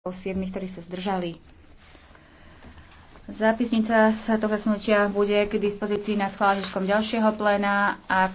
o 7, ktorí sa zdržali. Zápisnica sa toho vesnutia bude k dispozícii na schválenom ďalšieho pléna. Ak